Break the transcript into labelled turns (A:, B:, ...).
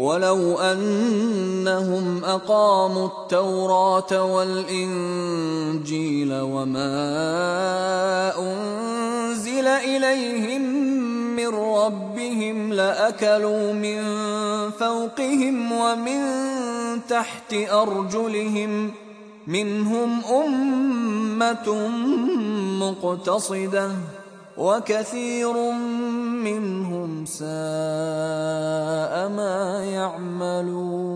A: ولو انهم اقاموا التوراه والانجيل وما انزل اليهم من ربهم لاكلوا من فوقهم ومن تحت ارجلهم منهم امه مقتصده وكثير منهم سَاءَ
B: تعملون